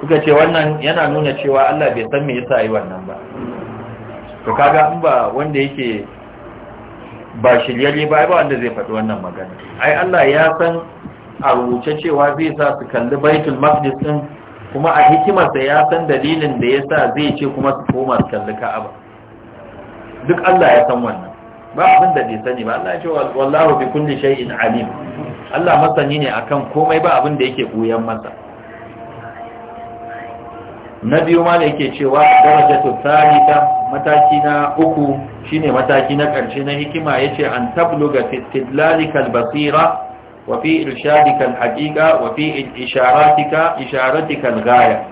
kuka ce wannan yana nuna cewa Allah bai san me yasa yi wannan ba to kaga in ba wanda yake ba shiryayye ba ba wanda zai faɗi wannan magana ai Allah ya san a rubuce cewa zai sa su kalli baitul maqdis din kuma a hikimarsa ya san dalilin da ya sa zai ce kuma su koma su kalli ka'aba duk Allah ya san wannan ba abin da bai sani ba Allah ya ce wallahu bi kulli shay'in alim Allah masani ne akan komai ba abin da yake buyan masa na biyu ma da yake cewa darajatu thalitha mataki na uku shine mataki na karshe na hikima yace an tabluga fi basira وفي إرشادك الحقيقة وفي إشاراتك إشارتك gaya,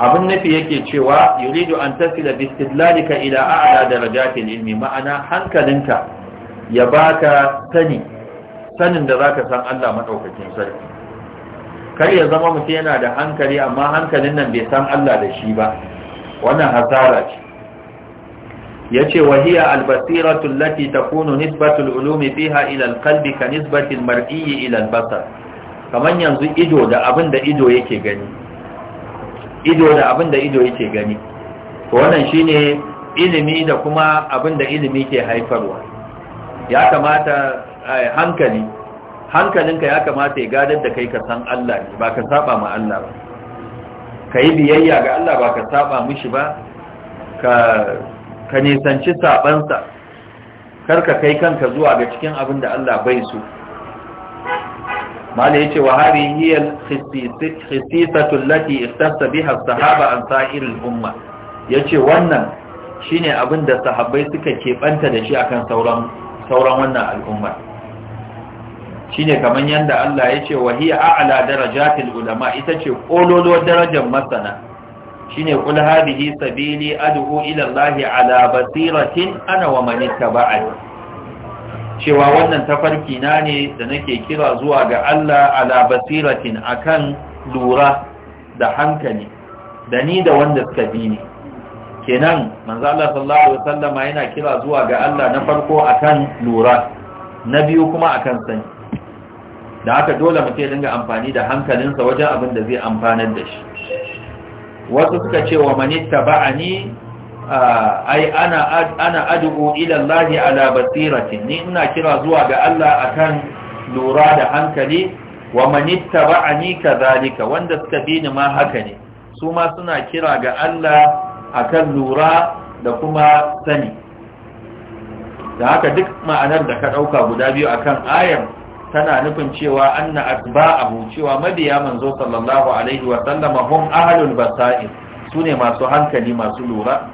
abin nufi yake cewa yuridu an tasila bi istidlalika ila daraja darajatil ilmi ma'ana hankalinka ya baka sani sanin da zaka san Allah madaukakin sarki kar ya zama mutum yana da hankali amma hankalin nan bai san Allah da shi ba wannan hasara ce yace wa hiya al-basiratu allati takunu nisbatu al-ulumi fiha ila al-qalbi ka nisbati al-mar'i ila al-basar kaman yanzu ido da abin da ido yake gani ido da abin da ido yake gani to wannan shine ilimi da kuma abin da ilimi ke haifarwa ya kamata eh, hankali hankalinka ya kamata ya gadar da kai ka san Allah ne ba ka saba ma Allah ba ka yi biyayya ga Allah ba ka saba mishi ba ka ka nisanci sabansa karka kai kanka zuwa ga cikin abin da Allah bai so mala yace wa hari hiya khisisatu allati ikhtassa biha as-sahaba an sa'ir umma yace wannan shine abin da sahabbai suka keɓanta da shi akan sauran sauran wannan al'umma shine kaman yanda Allah yace wa hiya a'la darajatil ulama ita ce kololo darajar masana shine kul hadihi sabili ad'u ila Allah ala basiratin ana wa man ittaba'ani cewa wannan tafarki na ne da nake kira zuwa ga Allah ala basiratin akan lura da hankali da ni da wanda suka bi ni kenan manzo Allah sallallahu alaihi wasallam yana kira zuwa ga Allah na farko akan lura na biyu kuma akan sani da haka dole mutum ya dinga amfani da hankalinsa wajen abin da zai amfanar da shi wasu suka ce wa manitta ba'ani ai ana ana ila ala basiratin ni ina kira zuwa ga Allah akan lura da hankali wa manitta ba'ani kazalika. wanda suka bi ni ma haka ne su ma suna kira ga Allah akan lura da kuma sani da haka duk ma'anar da ka ɗauka guda biyu akan ayar tana nufin cewa anna atba'ahu cewa mabiya manzo sallallahu alaihi wa sallama hum ahlul basair sune masu hankali masu lura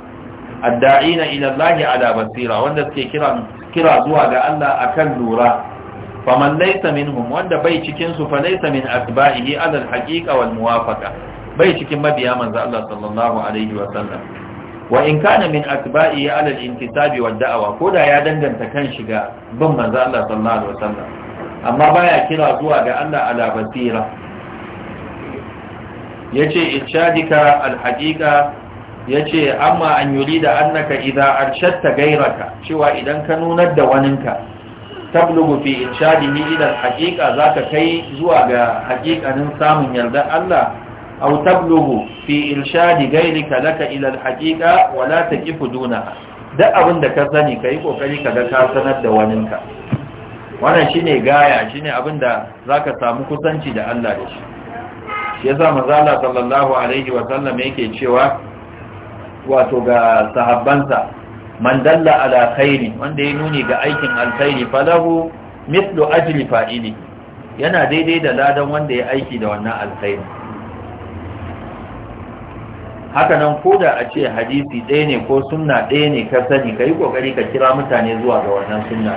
adda'ina ila Allah ala basira wanda suke kira kira zuwa ga Allah akan lura faman laysa minhum wanda bai cikin su fa laysa min atba'ihi ala alhaqiqa wal muwafaqa bai cikin mabiya manzo Allah sallallahu alaihi wa sallam wa in kana min atba'ihi ala al-intisabi wad da'wa koda ya danganta kan shiga bin manzo Allah sallallahu alaihi wa sallam amma baya kira zuwa ga Allah ala basira yace irshadika alhaqiqa yace amma an yurida annaka idza arshadta gairaka cewa idan ka nunar da waninka tablugu fi irshadihi ila alhaqiqa zaka kai zuwa ga haqiqanin samun yarda Allah aw tablugu fi irshadi gairika laka ila alhaqiqa wala taqifu dunaha duk abin da ka sani kai kokari kaga ka sanar da waninka wannan shi ne gaya shi da abinda ka samu kusanci da Allah da shi shi sa mazala sallallahu alaihi wa yake cewa wato ga sahabbansa man dalla ala khairi wanda ya nuni ga aikin alkhairi falahu mithlu ajli fa'ili yana daidai da ladan wanda ya aiki da wannan alkhairi haka nan da a ce hadisi ɗaya ne ko sunna ɗaya ne ka sani ka yi ƙoƙari ka kira mutane zuwa ga wannan sunna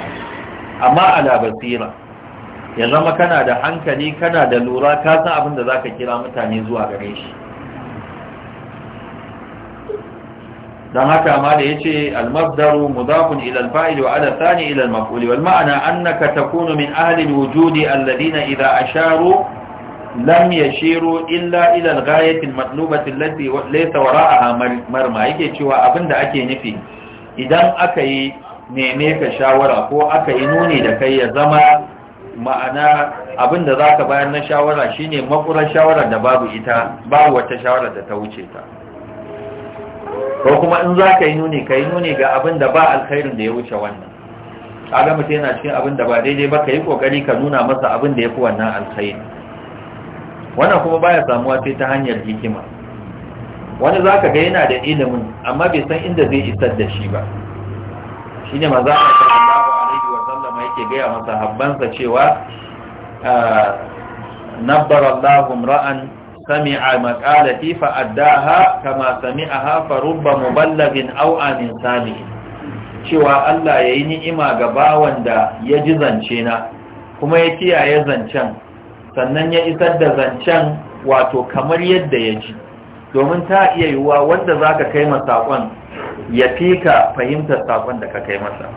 amma ala basira ya zama kana da hankali kana da lura ka san abin da zaka kira mutane zuwa gare shi dan haka ma da yace al-mabdaru mudafun ila al-fa'il wa ala thani ila al-maf'ul wal ma'na annaka takunu min ahli al-wujudi alladhina idha asharu lam yashiru illa ila al-ghayati al-matlubati allati laysa wara'aha marma yake cewa abinda ake nufi idan aka yi neme ka shawara ko aka yi nuni da kai ya zama ma'ana abin da za ka bayan na shawara shine makurar shawara da babu ita babu wata shawara da ta wuce ta ko kuma in za ka yi nuni ka yi nuni ga abin da ba alkhairin da ya wuce wannan kaga mutum yana cikin abin da ba daidai ba ka yi kokari ka nuna masa abin da ya fi wannan alkhairi wannan kuma baya samuwa sai ta hanyar hikima wani za ka ga yana da ilimin amma bai san inda zai isar da shi ba shine a Allah sallallahu alaihi wa yake gaya masa habbansa cewa ah, nabbar Allahu ra'an sami'a maqalati fa addaha kama sami'aha fa rubba muballighin aw amin sami cewa Allah yayi ni'ima ga bawan da ya ji zance na kuma ya kiyaye zancen sannan ya isar da zancen wato kamar yadda ya ji domin ta iya yiwuwa wanda zaka kai ma saƙon. ya fi ka fahimtar sabon da ka kai masa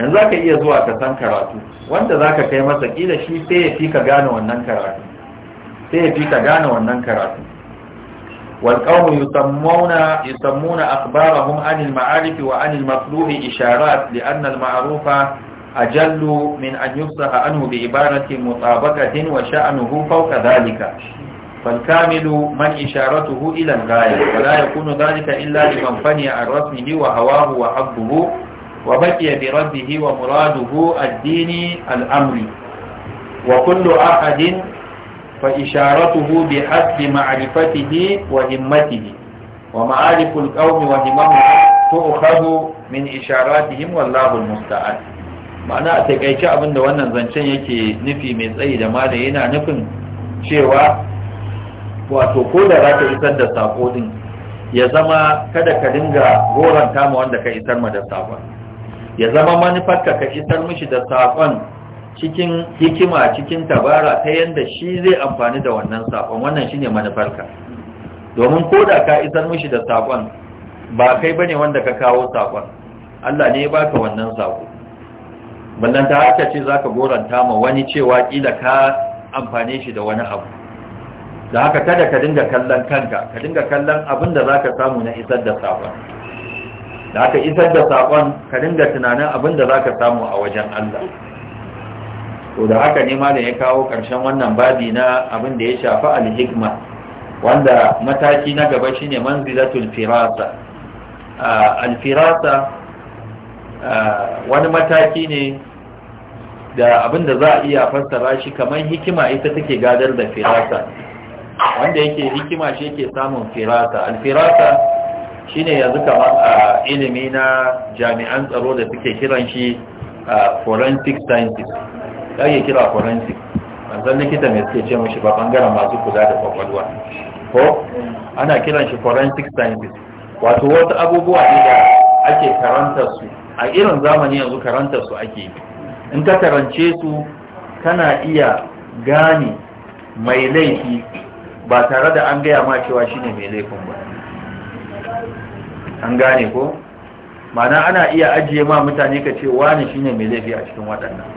yanzu za ka iya zuwa ka san karatu wanda za ka kai masa ƙila shi sai ya ka gane wannan karatu sai ya fi ka gane wannan karatu walƙaunu ma'arifi wa anil matsuri isharat da annal ma'arufa a jallu min anyusa a sa'anu da ibaratin mutabakatin wa sha'anu hufau ka فالكامل من إشارته إلى الغاية ولا يكون ذلك إلا لمن فني عن رسمه وهواه وحظه وبقي بربه ومراده الدين الأمر وكل أحد فإشارته بحسب معرفته وهمته ومعارف القوم وهمهم تؤخذ من إشاراتهم والله المستعان ma'ana a taƙaice abinda wannan zancen yake nufi mai tsayi da malaye yana nufin cewa wato ko da za ka isar da sako din ya zama kada ka dinga goranta kama wanda ka isar ma da sakon ya zama manufarka ka isar mishi da sakon cikin hikima cikin tabara ta yadda shi zai amfani da wannan sakon wannan shi ne manufarka domin ko da ka isar mishi da sakon ba kai bane wanda ka kawo sakon Allah ne ya baka wannan sako ballanta haka ce zaka goranta ma wani cewa kila ka amfane shi da wani abu da haka kada ka dinga kallon kanka ka dinga kallon abin da za ka samu na isar da saƙon da haka isar da saƙon ka dinga tunanin abin da za ka samu a wajen Allah to da haka ne malam ya kawo ƙarshen wannan babi na abin da ya shafi alhikma wanda mataki na gaba shine manzilatul firasa alfirasa wani mataki ne da abin da za a iya fassara shi kamar hikima ita take gadar da firasa wanda yake hikima shi yake samun firasa alfirasa ne yanzu kamar a ilimi na jami'an tsaro da suke kiran shi a forensic scientist yi kira forensic wanzan likita mai suke ce mashi ba bangaren masu kula da kwakwalwa ko ana kiran shi forensic scientist wato wata abubuwa ne da ake karanta su a irin zamani yanzu karanta su ake in ka karance su kana iya gane mai laifi ba tare da an gaya ma cewa shi ne mai laifin ba an gane ko mana ana iya ajiye ma mutane ka ce wani shine mai laifi a cikin waɗannan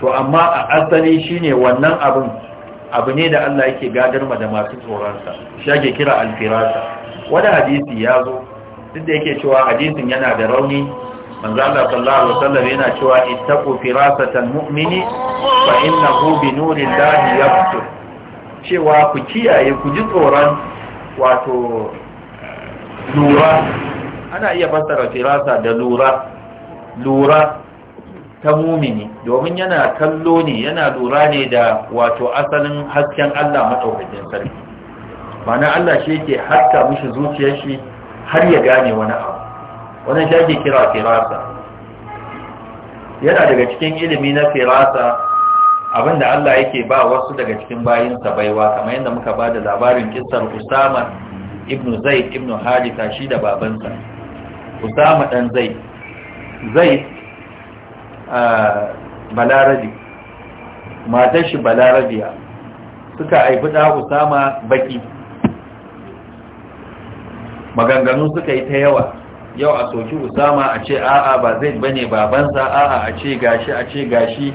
to amma a asali ne wannan abin abu ne da Allah yake gadar ma da masu tsoronsa shage kira alfirasa wani hadisi ya zo duk da yake cewa hadisin yana da rauni manzo Allah sallallahu alaihi wasallam yana cewa ittaqu firasatan mu'mini fa innahu bi nurillahi yabtur cewa ku kiyaye ku ji tsoron wato lura ana iya fassara firasa da lura lura ta mumini domin yana kallo ne yana lura ne da wato asalin hasken Allah maɗaukakin sarki mana Allah shi yake haska mishi zuciyar shi har ya gane wani abu wannan shi ake kira firasa yana daga cikin ilimi na firasa abinda Allah yake ba wasu daga cikin bayinsa baiwa kamar yadda muka ba da labarin kissar Usama ibn Zaid ibn Haritha shi da babansa Usama dan Zaid Zaid Balarabi matar shi Balarabiya suka haifi da Usama baki maganganu suka yi ta yawa yau a soki Usama a ce a'a ba Zaid bane babansa a'a a ce gashi a ce gashi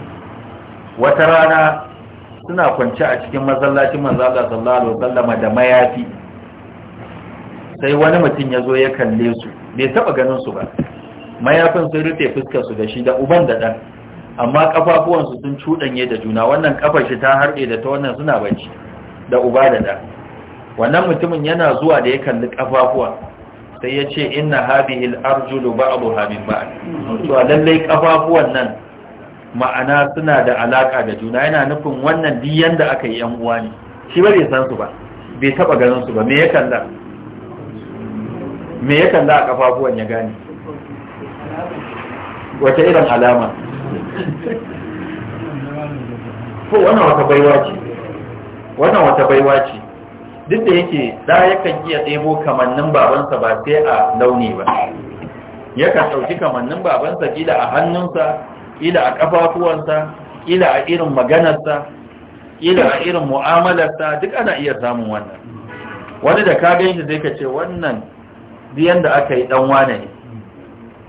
wata rana suna kwance a cikin masallacin manzo sallallahu alaihi da mayafi sai wani mutum ya zo ya kalle su bai taba ganin su ba mayafin sun rufe fuskar su da shi da uban da dan amma kafafuwan su sun cudanye da juna wannan kafar shi ta harɗe da ta wannan suna bacci da uba da dan wannan mutumin yana zuwa da ya kalli kafafuwa sai ya ce inna hadhihi al-arjulu ba'dhuha min ba'd to lallai kafafuwan nan ma'ana suna da alaka da juna yana nufin wannan duk yanda aka yi yan uwa ne shi ba bai san su ba bai taba ganin su ba me ya kalla me ya kalla a kafafuwan ya gane wata irin alama ko wannan wata baiwa ce wannan wata baiwa ce duk da yake da yakan iya tsebo kamannin babansa ba sai a launi ba yakan ɗauki kamannin babansa gida a hannunsa Ila a kafafuwansa ila a irin maganarsa ila a irin mu'amalarsa duk ana iya samun wannan wani da ka gani zai ka ce wannan biyan da aka yi dan wane ne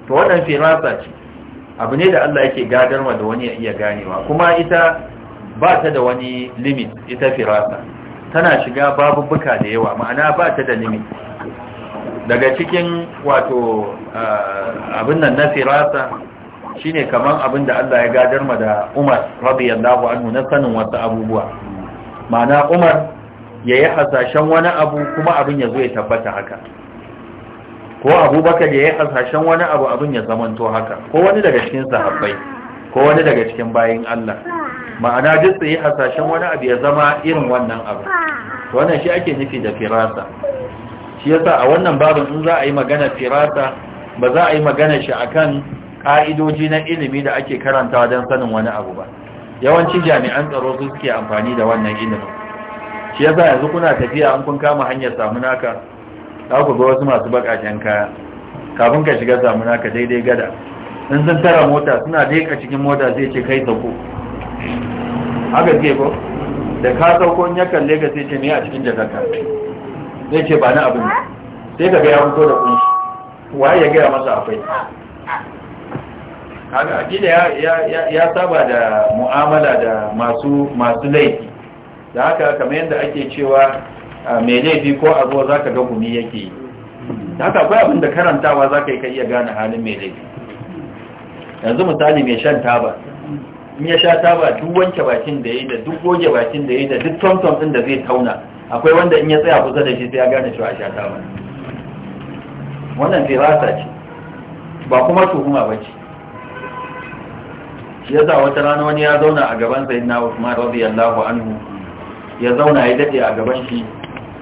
to wannan firasa ce abu ne da Allah yake gadarwa da wani ya iya ganewa kuma ita ba ta da wani limit ita firasa tana shiga babubuka da yawa ma'ana ba ta da limit daga cikin wato ah, abin nan na firasa shine kamar abin da Allah ya gadar ma da Umar radiyallahu anhu na sanin wasu abubuwa ma'ana Umar ya yi hasashen wani abu kuma abin ya zo ya tabbata haka ko Abubakar yi hasashen wani abu abin ya zamanto haka ko wani daga cikin sahabbai ko wani daga cikin bayin Allah ma'ana duk yi hasashen wani abu ya zama irin wannan abu wannan shi ake nufi da firasa shi yasa a wannan babin in za a yi magana firasa ba za a yi magana shi akan ka'idoji na ilimi da ake karantawa don sanin wani abu ba yawanci jami'an tsaro su suke amfani da wannan ilimin shi yasa yanzu kuna tafiya an kun kama hanyar samunaka za ku ga wasu masu baƙaƙen kaya kafin ka shiga samunaka daidai gada in sun tara mota suna daika cikin mota zai ce kai sauko haka ce ko da ka sauko ya kalle ka sai ce me a cikin jakarta zai ce ba na abin sai ka ga ya fito da kunshi waye ya gaya masa akwai kaga akida ya saba da mu'amala da masu laifi da haka kamar yadda ake cewa mai laifi ko a ruwa zaka ga gumi yake yi da haka akwai abin da karantawa zaka yi ka iya gane halin mai laifi yanzu misali mai shan taba in ya sha taba duk wanke bakin da yayi da duk goge bakin da yayi da duk tomtom din da zai tauna akwai wanda in ya tsaya kusa da shi sai ya gane cewa sha taba wannan firasa ce ba kuma tuhuma ce. ya za wata rana wani ya zauna a gaban sayyidina Usman radiyallahu anhu ya zauna ya dade a gaban shi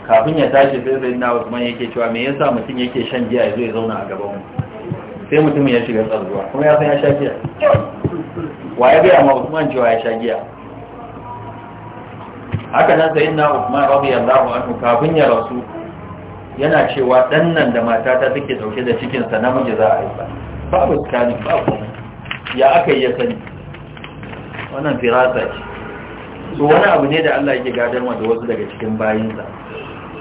kafin ya tashi sai sayyidina Usman yake cewa me yasa mutum yake shan giya yazo ya zauna a gaban mu sai mutum ya shiga tsaruwa kuma ya san ya sha giya wa ya gaya ma Usman cewa ya sha giya haka nan sayyidina Usman radiyallahu anhu kafin ya rasu yana cewa dan nan da matata take dauke da cikin sa namiji za a yi ba babu tsani babu ya aka yi ya sani wannan firasa ce so wani abu ne da Allah yake gadarwa da wasu daga cikin bayinsa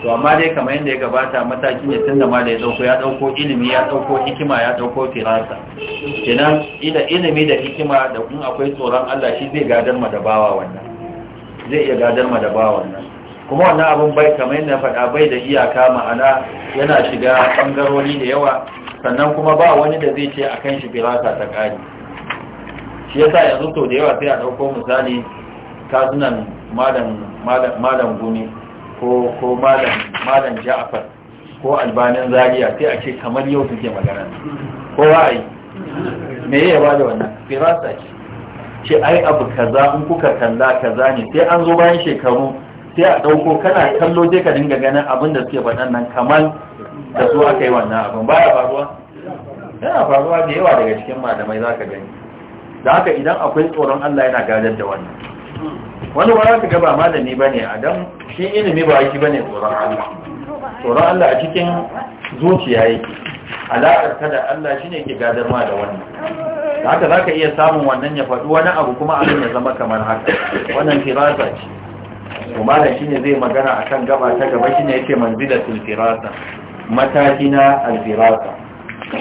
to amma dai kamar yadda ya gabata matakin ya tunda ma da ya dauko ya dauko ilimi ya dauko hikima ya dauko firasa kenan ila ilimi da hikima da kun akwai tsoron Allah shi zai gadar ma da bawa wannan zai iya gadar ma da bawa wannan kuma wannan abun bai kamar yadda faɗa bai da iyaka ma'ana yana shiga bangarori da yawa sannan kuma ba wani da zai ce akan shi firasa ta ƙari shi yasa yanzu to da yawa sai a ɗauko misali kasunan malam guni ko malam ja'afar ko albanin zariya sai a ce kamar yau suke magana ko ra'ayi me ya yaba da wannan firasa ce ce ai abu kaza in kuka kalla kaza ne sai an zo bayan shekaru sai a ɗauko kana kallo je ka dinga ganin abin da suke faɗan nan kamar da su aka yi wannan abin baya faruwa yana faruwa da yawa daga cikin malamai za ka gani da haka idan akwai tsoron Allah yana gadar da wannan wani wara ka ga ba ne bane adam shi ilimi ba shi bane tsoron Allah tsoron Allah a cikin zuciya yake alaƙar ta da Allah shine ke gadar ma da wannan da haka zaka iya samun wannan ya faɗi wani abu kuma abin ya zama kamar haka wannan firasa ce kuma da shine zai magana akan gaba ta gaba shine yake manzilatul firasa mataki na alfirasa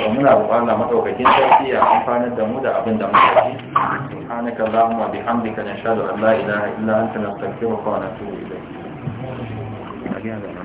ومن أبوانا مطوكتين تأتي أعطانا دمود أبن دمودي سبحانك اللهم وبحمدك نشهد أن لا إله إلا أنت نستغفرك ونتوب إليك